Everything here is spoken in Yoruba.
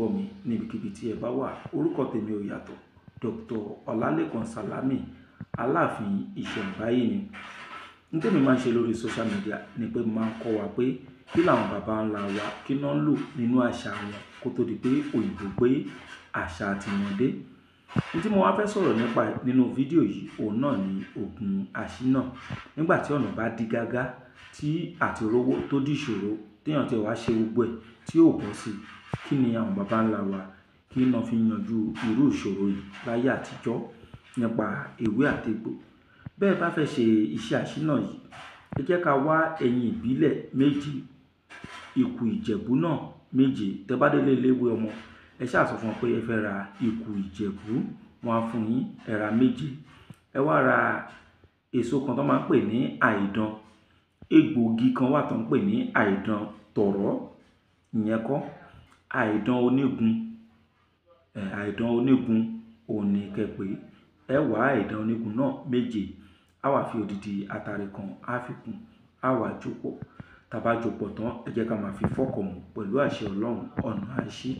gbọ́ mi níbikíbi tí ẹ bá wà orúkọ tèmi ò yàtọ̀ Dr. Ọlálékan Salami Aláàfin ìṣẹ̀ǹbáyé ni n tèmi máa ń ṣe lórí social media ni pé mo máa ń kọ́ wa pé kí làwọn baba ńlá wa kí náà ń lò nínú àṣà wọn kó tó di pé òyìnbó gbé àṣà àtìmọ́dé n tí mo wá fẹ́ sọ̀rọ̀ nípa nínú fídíò yìí òun náà ni oògùn àṣínà nígbà tí ọ̀nà bá dí gágá tí àti rówó tó dí ìṣòro téèyàn ti wá ṣe gbogbo ẹ̀ tí ò bọ́ sí i Kí ni àwọn bàbá ńlá wa kí ni wọ́n fi yanjú irú ìṣòro yìí láyé àtijọ́ nípa ewé àti egbò? Bẹ́ẹ̀ bá fẹ́ ṣe iṣẹ́ àṣínà yìí, ẹ jẹ́ ká wá ẹyin ìbílẹ̀ méje, ìkù Ìjẹ̀bú náà méje. Tẹ bá délé ilé ìwé ọmọ, ẹ sá sọ fún wọn pé ẹ fẹ́ ra ìkù Ìjẹ̀bú, wọ́n á fún yín, ẹ ra méje. Ẹ wá ra èso kan tó máa ń pè ní àìdán. Egbòogi kan wà tó ń pè ní àìdán tọ̀rọ́, ìyẹn kọ́ àìdán onígun ẹ̀ àìdán onígun òun ní kẹ́ pé ẹ wá àìdán onígun náà méje á wà fi odidi atare kan á fi kún á wà jòpọ̀ tá jòpọ̀ tán ẹ jẹ́ ká máa fi fọ́ọ̀kọ̀ mú pẹ̀lú àṣẹ ọlọ́run ọ̀nà àṣì.